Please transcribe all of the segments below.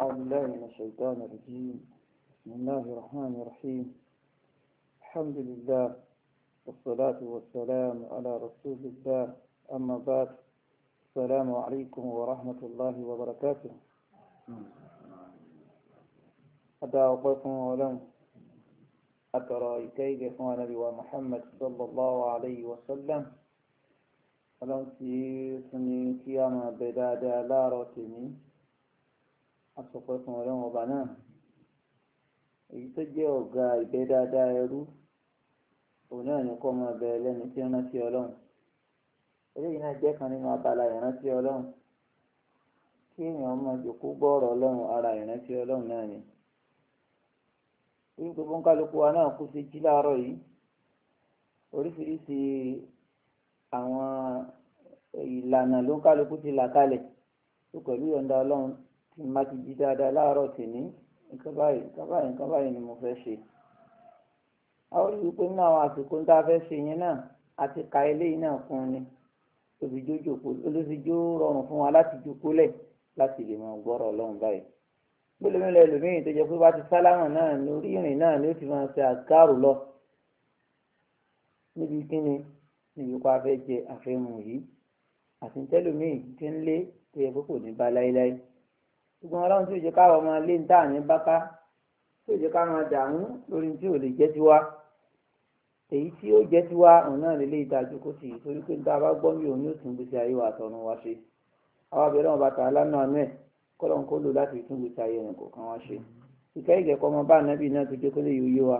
أعوذ بالله من الشيطان الرجيم بسم الله الرحمن الرحيم الحمد لله والصلاة والسلام على رسول الله أما بعد السلام عليكم ورحمة الله وبركاته أدعى أقوكم ولم أترى إكيد إخوان نبي محمد صلى الله عليه وسلم ولم تيسني كياما بدادا لا روتيني asọ̀pọ̀ fún ọlọ́run ọba náà èyí tó jẹ́ ọ̀gá ìbẹ́ dáadáa ẹrú òun náà ní kọ́ máa bẹ̀rẹ̀ lẹ́nu tí ń rántí ọlọ́run eléyìí náà jẹ́ kan nínú abala ìrántí ọlọ́run kí èèyàn máa jòkó gbọ́ọ̀rọ̀ ọlọ́run ara ìrántí ọlọ́run náà ni orí gbogbo ń kálukú wa náà kú sí jí láàárọ̀ yìí oríṣiríṣi àwọn ìlànà ló ń kálukú ti là kalẹ̀ pẹ̀lú ìyọ̀ǹda ọlọ́run tí má ti jí dáadáa láàárọ̀ tèmi nǹkan báyìí nǹkan báyìí nǹkan báyìí ni mo fẹ́ ṣe a ó rí i pé nínú àwọn àsìkò tá a fẹ́ ṣe yẹn náà a ti ka eléyìí náà fún un ni olùsíjó rọrùn fún wa láti jókòólẹ̀ láti lè máa gbọ́rọ̀ ọlọ́run báyìí gbólómìnira ẹlòmíyìn tó jẹ pé bá ti sálámà náà ní orí ìrìn náà ni ó ti máa ṣe àgárò lọ níbi kíni níbi pa afẹ́ jẹ àfẹ́mu yìí àtúntẹ́lòmíyìn ti ń lé tó yẹ kó kò ní bá láéláé ṣùgbọ́n ọlọ́run tí ò jẹ́ káwọ́ ọmọ ilé ń tà ní báká tí ò jẹ́ ká máa dààmú lórí tí ò lè jẹ́ tiwa èyí tí ó jẹ́ tiwa òun náà lè lé ìdájú kó sì torí pé níta bá gbọ́ mi òun yóò tún gbèsè ayé wa àtọ̀run wa ṣe àwọn abẹ́rẹ́ wọn bá ta lánàá mẹ́ kọ́lọ́n kó lò láti tún gbèsè ayé rẹ̀ kọ̀ọ̀kan wa ṣe ìkẹ́ ìkẹ́kọ́ ọmọ bá ànábì náà tó jẹ́ kó lè yòye wa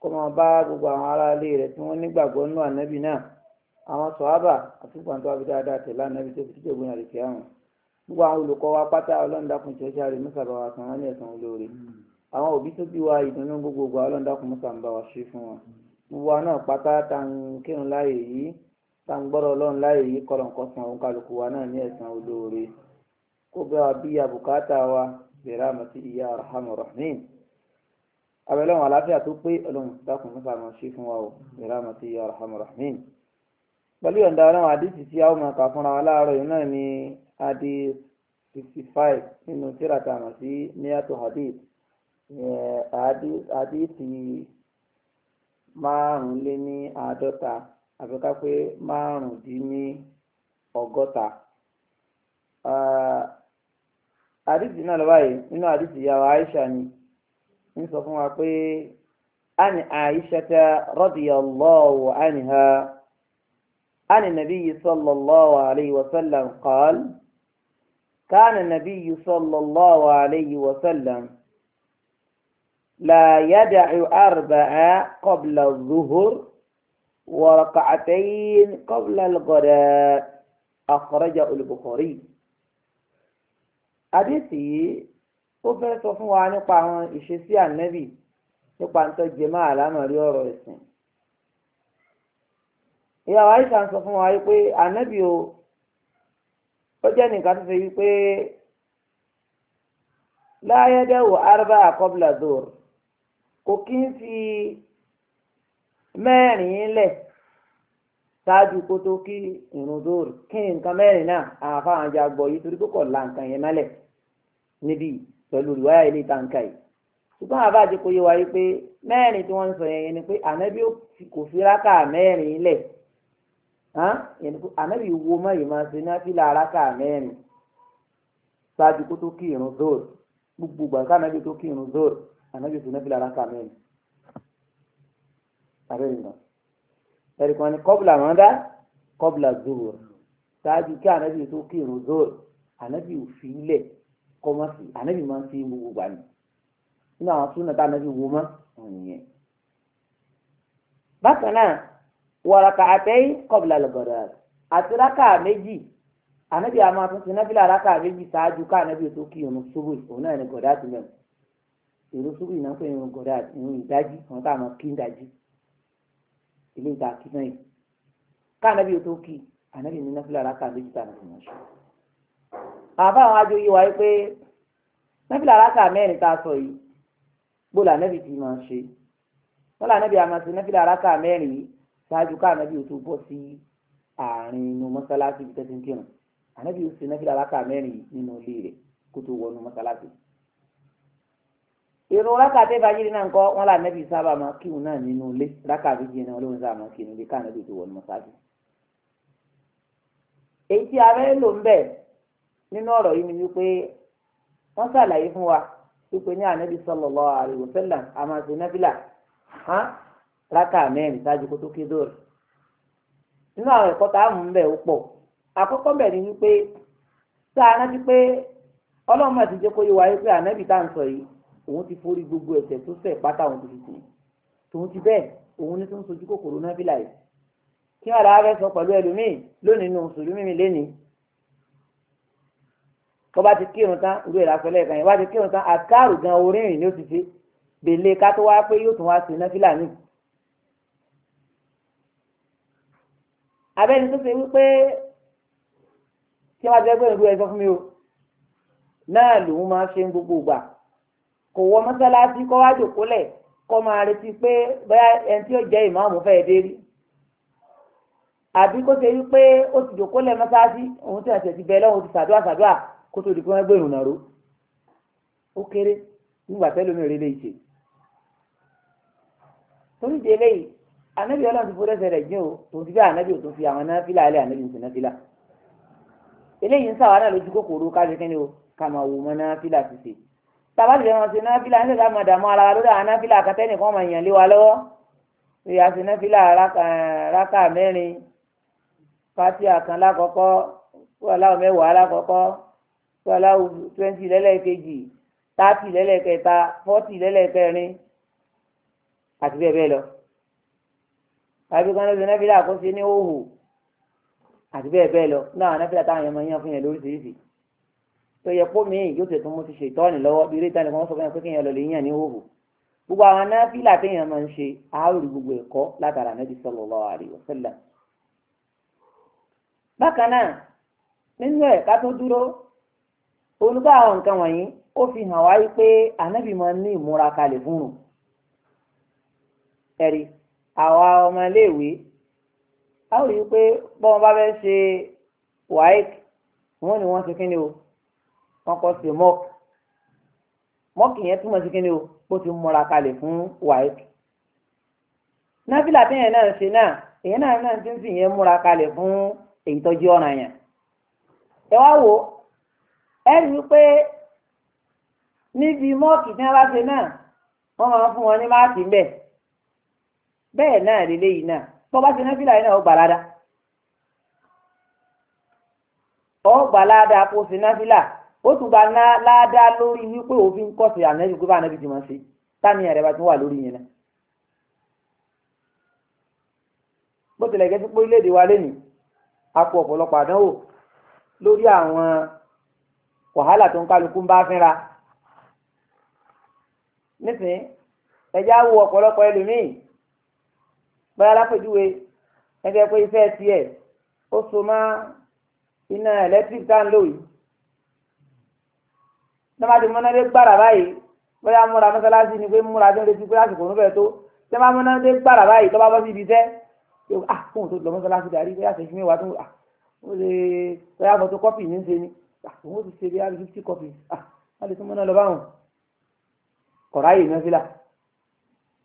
kó máa bá gbogbo àwọn aráalé rẹ̀ tí wọ́n nígbàgbọ́ nínú ànábì náà àwọn sọ̀hábà àti gbàǹtọ́ tẹ̀lé ànábì tó fi tíjọ́ gbóná lè kẹ́ àwọn gbogbo àwọn olùkọ́ wa pátá ọlọ́ndàkùn ìṣẹ́ṣẹ́ rẹ̀ mọ́sàbà wa san wọ́n ní ẹ̀san olóore hmm. àwọn òbí tó bí wa ìdùnnú gbogbogbò ọlọ́ndàkùn mọ́sàbà wa ṣe fún wọn hmm. gbogbo wa náà pátá tá ń kírun láàyè yìí tá ń gbọ́dọ̀ ọlọ́run láàyè yìí kọ́lọ̀ nǹkan san òun kálukú wa náà ní ẹ̀san olóore kó bẹ́ wa bí àbùkátà wa bẹ̀rẹ̀ àmọ́ sí ìyá arhamu rahim abẹ́lẹ́wọ̀n àlàáfíà hadith fifty nínú tírà tá a mọ̀ sí miyato hadith hadithi márùnléní àádọ́ta àfikà pé márùndínní ọgọ́ta hadithi náà lọ báyìí nínú hadithi yàrá Aisha ni ń sọ fún wa pé ani Aisha ta radiyallahu anha ani sallallahu alayhi wa sallam qaal. كان النبي صلى الله عليه وسلم لا يدع أربعة قبل الظهر وركعتين قبل الغداء أخرجه البخاري àdìsí ó fẹ́ sọ fún wa nípa àwọn ìṣesí ànẹ́bì nípa nǹkan jẹmọ́ àlámọ̀rí ọ̀rọ̀ ẹ̀sìn ìyàwó àìsàn sọ fún wa pé ànẹ́bì o ó jẹ́ nìkan tó ṣe wípé láyédèwò arba àkọ́bùlà dòr kò kí ń fi mẹ́rin lẹ̀ ṣáájú kó tó kí ìrun dòr kí nǹkan mẹ́rin náà àfáwọn ajá gbọ́ yìí torí kókò la nǹkan yẹn mọ́lẹ̀ níbí pẹ̀lú ìwáyà ilé ìtànkà yìí ṣùgbọ́n àbá àti kò yé wa yìí pé mẹ́rin tí wọ́n ń sọ yẹn ni pé ànábì kò fi rákà mẹ́rin lẹ̀ ànábì wo mọ́ ìmọ̀ ṣe ní áfílà aráka mẹ́rin ṣáájú kó tó kí irun zoro gbogbo ìgbà ká ànábì tó kí irun zoro ànábì tó ní áfílà aráka mẹ́rin àbẹ́ ìgbà ẹ̀rì kan ní kọ́bùlà mọ́dá kọ́bùlà zoro ṣáájú kí ànábì tó kí irun zoro ànábì ò fi ilẹ̀ kọ́mọ́sì ànábì máa ń fi gbogbo gbà ní nínú àwọn súnà tá ànábì wo mọ́ òun nìyẹn bákan náà wàràkà àtẹ́yìn kọ̀bìlà lọ́gọ̀dọ̀ àti rákà méjì ànábì àmọ́ àtúntì nábìlà rákà méjì ṣáájú ká ànábì tó kí irun ṣubú òun náà ní gọ̀dá ti mẹ́rin irun ṣubú ìnáwó pé irun gọ̀dá irun ìdájí wọn tá àmọ́ kí ń dájí ilé ìta kí náà yìí ká ànábì tó kí ànábì ní nábìlà rákà méjì tá ànábì mọ̀ ṣe. àbá àwọn ajo yìí wáyé pé nábìlà rákà mẹ́rin tá a sọ yìí gbọ́dọ̀ ànábì ti máa ṣe wọ́n lànàbì àmọ́ àti nábìlà rákà mẹ́rin yìí ṣáájú ká ànábì ò tó bọ́ sí àárín inú mọ́sálásí ibi tẹ́sí ń kírun ànábì ò sì náfìlà rákà mẹ́rin nínú ilé rẹ̀ kó tó wọnú mọ́sálásí. irun rákà tẹ́ bá yírí náà ń kọ́ wọn là ànábì sábà máa kírun náà nínú ilé rákà méjì náà lóun sábà máa kírun ilé ká ànábì ò wọnú mọ́sálásí. èyí tí a fẹ́ lò ń bẹ̀ nínú ọ̀rọ̀ yìí ni wípé wọ́n ṣàlàyé fún wa wípé ní ànábì sallallahu rákà mẹ́rin ṣáájú kó tó ké dóòrè nínú àwọn ẹ̀kọ́ tá a mú bẹ̀ ó pọ̀ àkọ́kọ́ bẹ̀ ni wípé tá a rántí pé ọlọ́run àti jẹ́ kó yé wa wípé ànábì tá à ń sọ yìí òun ti forí gbogbo ẹ̀ṣẹ̀ tó ṣẹ̀ pátá òun ti fi sìn tòun ti bẹ́ẹ̀ òun ní tó ń sojú kòkòrò náà fìlà yìí kí wọn làá fẹ́ sọ pẹ̀lú ẹlòmíì lónìí nù sùlùmí mi lénìí tó bá ti kírun tán irú ẹ̀ lásán lẹ́ẹ̀kan yẹn bá ti kírun tán àkárù gan orin rìn ni ó bèlè ká tó wá pé yóò tún wá sí náà fìlà abẹ́ni tó fi wípé tí wọ́n jẹ́ pé ìlú ẹ̀sọ́ fún mi o náà lòun máa ṣe ń gbogbo ìgbà kò wọ mọ́sálásí kọ́ wá jòkólẹ̀ kọ́ máa retí pé bóyá ẹni tí yóò jẹ́ ìmáàmù fẹ́ẹ́ dé rí àbí kó ṣe wípé ó ti jòkólẹ̀ mọ́sálásí òun ti àṣẹ ti bẹ lọ́wọ́ ti ṣàdúrà ṣàdúrà kó tó di pé wọ́n gbé ìrùnà ró ó kéré nígbà tẹ́lómi òrèlè ìṣe torí ìdí eléyìí anabi ọlọ́run ti fọdẹ́sẹ̀ rẹ̀ jẹ́ o tòun ti fẹ́ anabi ò tún fi àwọn náfìlà alẹ́ anabi ò sì náfìlà eléyìí ń sàwárà lójú kòkòrò káṣe kí ni o kà máa wò mọ náfìlà ti ṣe tàbá ti lẹ́wọ̀n ṣe náfìlà ń ṣèkà máa dààmú ara wa lórí àwọn náfìlà akatẹ́nì kan máa yàn lé wa lọ́wọ́ ìyá ṣe náfìlà rákà mẹ́rin fatia kan lákọ̀ọ́kọ́ wàláwọ̀ mẹ́wàá lákọ̀ọ́kọ́ wàláwọ̀ twenty lẹ́lẹ́kejì thirty lẹ́lẹ́kẹta forty lẹ́lẹ́kẹrin àti bẹ́ẹ̀ bẹ́ẹ̀ lọ àbí kan ló ṣe náfìlà kó ṣe ní òhù àti bẹ́ẹ̀ bẹ́ẹ̀ lọ náà náfìlà táwọn yẹn máa yàn fún yẹn lóríṣiríṣi tó yẹ kó mi yóò tẹ̀ tó mo ti ṣe ìtọ́ni lọ́wọ́ bí eré ìtàn ìkan sọ fún yẹn pé kéèyàn lọ lè yàn ní òhù gbogbo àwọn náfìlà téèyàn máa ń ṣe àárí gbogbo ẹ̀kọ́ látara Nábì sallallahu alaihi wasallam bákan náà nínú ẹ̀ ká tó dúró olùkọ́ àwọn nǹkan wọ̀nyí ó fi hàn wáyé pé ànábì máa àwa ọmọléèwé a ó rí i pé bọ́n bá fẹ́ ṣe waec wọ́n ní wọ́n ṣe kí ni o wọ́n kọ́ sí mọ́ọ̀k mọ́ọ̀kì yẹn túmọ̀ sí kí ni o ó ti múra kalẹ̀ fún waec náfìlà téèyàn náà ṣe náà èyàn náà náà ti ń sìn yẹn múra kalẹ̀ fún èyí tó jẹ́ ọ̀ràn yẹn ẹ wá wò ẹ rí i pé níbi mọ́ọ̀kì tí wọ́n bá ṣe náà wọ́n máa ń fún wọn ní máàkì ń bẹ́ẹ̀ náà lélẹ́ yìí náà bọ́ bá ti ná fìlà yìí náà ó gbà ládàá ó gbà ládàá kó sí ná fìlà ó tún gba ládàá lórí wípé òfin kọ́ sí ànábì pé bá ànábì ti mọ̀ sí táníyà rẹ̀ bá tún wà lórí yẹn náà. bó tilẹ̀ gẹ́sí pé orílẹ̀-èdè wa lé a kó ọ̀pọ̀lọpọ̀ àdánwò lórí àwọn wàhálà tó ń kálukú ń bá fínra nísìnyí ẹjẹ́ wo ọ̀pọ̀lọpọ̀ ẹlòmíì báyà lápèjúwe ẹgbẹ́ pé iṣẹ́ tiẹ̀ ó so má iná ẹ̀lẹ́tíríkì tá ń lò yìí tẹ́mátì múnádé gbàrà báyìí bóyá múra mọ́sálásí ni pé múra tó ń retí pé lásìkò níbẹ̀ tó tẹ́mátì múnádé gbàrà báyìí tó bá bọ́ sí ibi iṣẹ́ yóò ah kóhùn tó lọ mọ́sálásí darí bóyá sèṣin mẹ́wàá tó ah ó lè bóyá fọ́tò kọ́pì ní ṣe ni ah òun ó ti ṣe bí i fifty copies ah wọ́n lè tún múná lọ báwọn kọ̀ráyè náà fi là.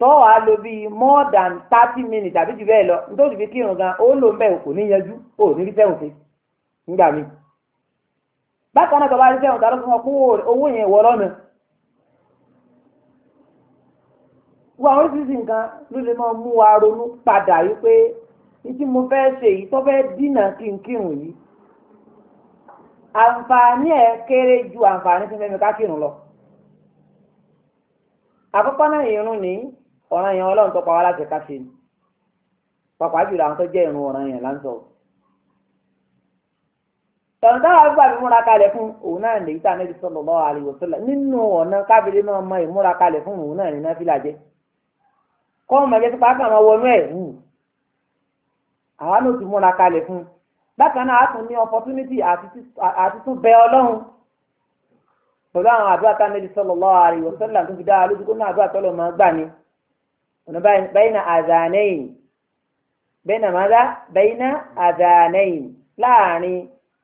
tọ́ a lo bíi more than thirty minutes tàbí jù bẹ́ẹ̀ lọ nítorí fi kírun gan ó lò mẹ́ kò ní yanjú ó ní rí sẹ́wọ̀n ṣe nígbà míì. bákan náà tọ́ba rí sẹ́wọ̀n ta ló fún wọn owó yẹn wọ lọ́nà. wọ́n àwọn oríṣiríṣi nǹkan ló lè ju àǹfààní tí ká kírun lọ. àkọ́kọ́ náà ọ̀ràn yẹn ọlọ́run tó pa wá láti ká ṣe ni pàpà jùlọ àwọn tó jẹ́ ìrun ọ̀ràn yẹn láǹtọ̀ tọ̀nà táwọn àgbà mi múra kalẹ̀ fún òun náà lèyí tá ànábi sallallahu alaihi wasallam nínú ọ̀nà kábílẹ̀ náà mọ ìmúra kalẹ̀ fún òun náà ní náfìlà jẹ́ kọ́ ọmọ ẹ̀jẹ̀ tó kàn máa wọnú ẹ̀ wù àwa náà ti múra kalẹ̀ fún bákan náà a tún ní opportunity àti tún bẹ ọlọ́run pẹ̀lú àwọn àdúrà tá ànábi sallallahu alaihi wasallam tó fi dá a lójú kó náà àdúrà tọ́lọ̀ máa gbà ni ọ̀nà bẹ́ẹ̀nà àzànẹ́yìn bẹ́ẹ̀nà mọ́dá bẹ́ẹ̀nà àzànẹ́yìn láàrin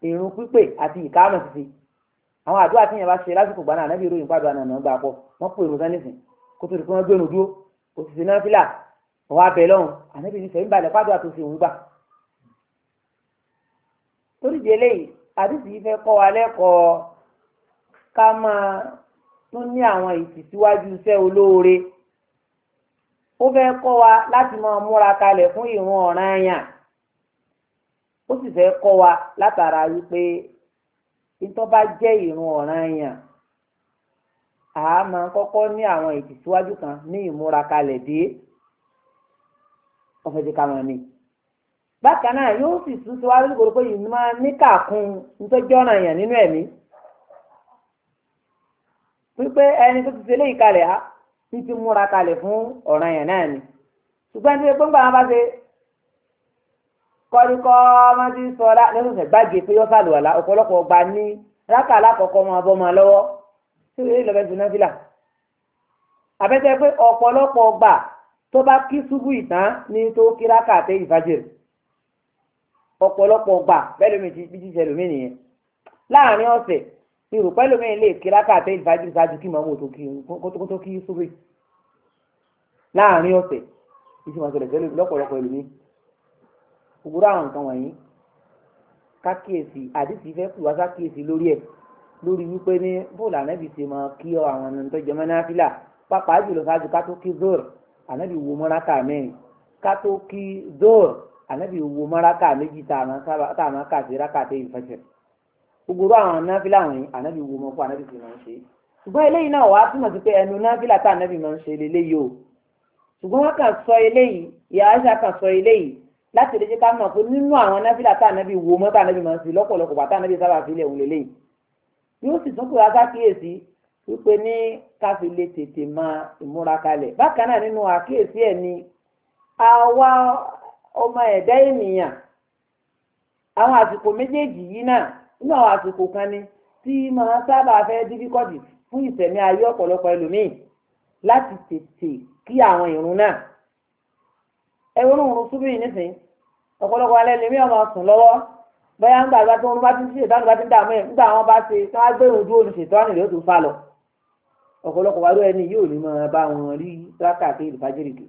ìrun pípè àti ìkáàmù títí àwọn àdúrà tí yẹn bá ṣe lásìkò gbaná ànábì ìròyìn pàdó ànànà gbà pọ̀ wọ́n pè ìrun sánìsìn kó tó di pé wọ́n gbé ònà dúró kò sì sí náà fílà ọ̀wá bẹ̀ lọ́hùn ànábì ní sẹ́yìn balẹ̀ pàdó àtúnṣe òun gbà. torí di eléyìí àdìsí yìí fẹ́ kọ́ wa lẹ́kọ̀ọ́ ká máa tún ní àwọn ìtìsíwájú iṣẹ́ olóore ó fẹ́ kọ́ wa láti máa múra kalẹ̀ fún ìrun ọ̀ranyàn ó sì fẹ́ kọ́ wa látara wípé bá jẹ́ a máa kọ́kọ́ ní àwọn ìtìsíwájú kan ni bákan náà yóò sì tún ti wá lóko pé yìí máa ní kàkún nítọ́jú ọ̀ranyàn nínú ẹ̀mí wípé ẹni tó ti títí múra kalẹ̀ fún ọ̀ràn yẹn náà ni ṣùgbọ́n tí gbogbo àwọn bá ṣe kọ́ríkọ́ máa ti sọ ọ́lá lẹ́sọ̀sẹ̀ gbági pé yọ́ sàlùwàlá ọ̀pọ̀lọpọ̀ ọgbà ní rákà alákọ̀ọ́kọ́ máa bọ́ máa lọ́wọ́ tí èyí lọ́bẹ̀ tó náfìlà àbẹ́tẹ́ pé ọ̀pọ̀lọpọ̀ ọgbà tó bá kí ṣubú ìtàn ní tó kí rákà àtẹ ìfàjẹrì ọ̀pọ̀lọpọ̀ ọgbà bẹ́ẹ̀ lómi ti bí ti ṣẹlòmí nìyẹn láàrin ọ̀sẹ̀ irú pẹ́lú mi lè kí rákàtà ìfàjì ìfàjì kí màmú tó kí kó tó kí sóbì láàrin ọ̀sẹ̀ ìṣúná ṣẹlẹ̀ ṣẹlẹ̀ lọ́pọ̀lọpọ̀ ìlú mi òwúrọ̀ àwọn nǹkan wọ̀nyí kákíyèsí àdìsí fẹ́ kù wá kákíyèsí lórí ẹ̀ lórí wípé ní bóòlù ànábì ṣe máa kí ọ àwọn ẹni tó jẹ mọ́ná fílà pàápàá jùlọ ṣáájú ká tó kí zor ànábì wo mọ́ráká mẹ́rin ká tó kí zor ànábì wo mọ́ráká méjì tá a máa kà sí rákàtà ìfẹsẹ̀ gbogbo àwọn náfìlà àwọn ànábì wo mọ fún ànábì tí máa ń ṣe ṣùgbọ́n eléyìí náà wàá túmọ̀ sí pé ẹnu náfìlà tá ànábì máa ń ṣe lélẹ́yìí o ṣùgbọ́n wọ́n kàn sọ eléyìí ìyá aṣá kàn sọ eléyìí láti lè jẹ́ ká mọ̀ pé nínú àwọn náfìlà tá ànábì wo mọ́ tá ànábì máa ń ṣe lọ́pọ̀lọpọ̀ bàtà ànábì sábà fílẹ̀ òun lélẹ́yìí yóò sì tún kúrò aṣákíyèsí wípé ní ká fi lè tètè máa ìmúra kalẹ̀ bákan náà nínú àkíyèsí ẹ̀ ni àwa ọmọ ẹ̀dá ènìyàn àwọn àsìkò méjèèjì yìí náà nínú àwọn àsìkò kan ni tí máa sábà fẹ́ dífíkọ́tì fún ìsẹ̀mí ayé ọ̀pọ̀lọpọ̀ ẹlòmíì láti tètè kí àwọn ìrun náà ẹ̀rọ òun súbú yìí nísìn ọ̀pọ̀lọpọ̀ alẹ́ lèmi ọmọ sùn lọ́wọ́ bóyá ń gbàgbá tó ń bá ti ń ṣe ìtọ́nù bá ti ń dààmú ẹ̀ nígbà wọn bá ṣe tí wọ́n á gbé ìrun dúró ní ṣètọ́nù yóò tún fà lọ ọ̀pọ̀lọpọ̀ wa ló ẹni yóò ní máa bá wọn rí rákàtí ìlú fàjẹ́rìkì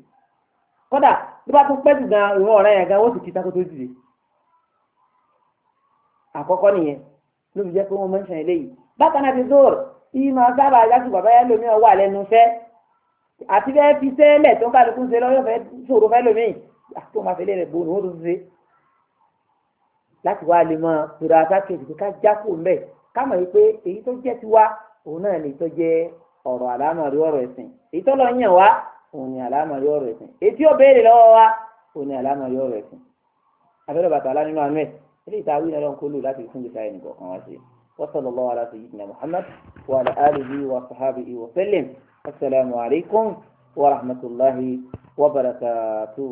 kódà bí wọ́n tún pẹ́ jù gan ìwọ̀n ọ̀rẹ́ yẹn gan wọ́n sì kí sákòtò dìde àkọ́kọ́ nìyẹn ló fi jẹ́ pé wọ́n mẹ́sàn eléyìí bákan náà ti zoro yìí máa sábà yàtú bàbá yẹn lómi ọwọ́ àlẹ́ nu fẹ́ àti fẹ́ fi sẹ́lẹ̀ tó ń kálukú ṣe lọ́yọ̀ fẹ́ sòro fẹ́ lómi àti wọn máa fẹ́ lé rẹ̀ bòónù ó tó ṣe láti wá lè mọ ìrọ̀ àtàkejì ká jákò mbẹ́ ká mọ̀ yìí pé èyí tó jẹ́ tiwa òun náà lè tọ́ jẹ́ ọ̀rọ̀ àlámọ̀rí ọ̀rọ̀ ẹ̀sìn èyí tó lọ yàn wá òun ni àlámọ̀rí ọ̀rọ̀ ẹ̀sìn èyí tí ó béèrè lọ́wọ́ wa òun ni àlámọ̀rí ọ̀rọ̀ ẹ̀sìn abẹ́rẹ́ bàtà alá nínú ẹ̀ ilé ìtawí náà lọ́n kó lò láti fún gbèsè وصلى الله على سيدنا محمد وعلى آله وصحابه وسلم السلام عليكم ورحمة الله وبركاته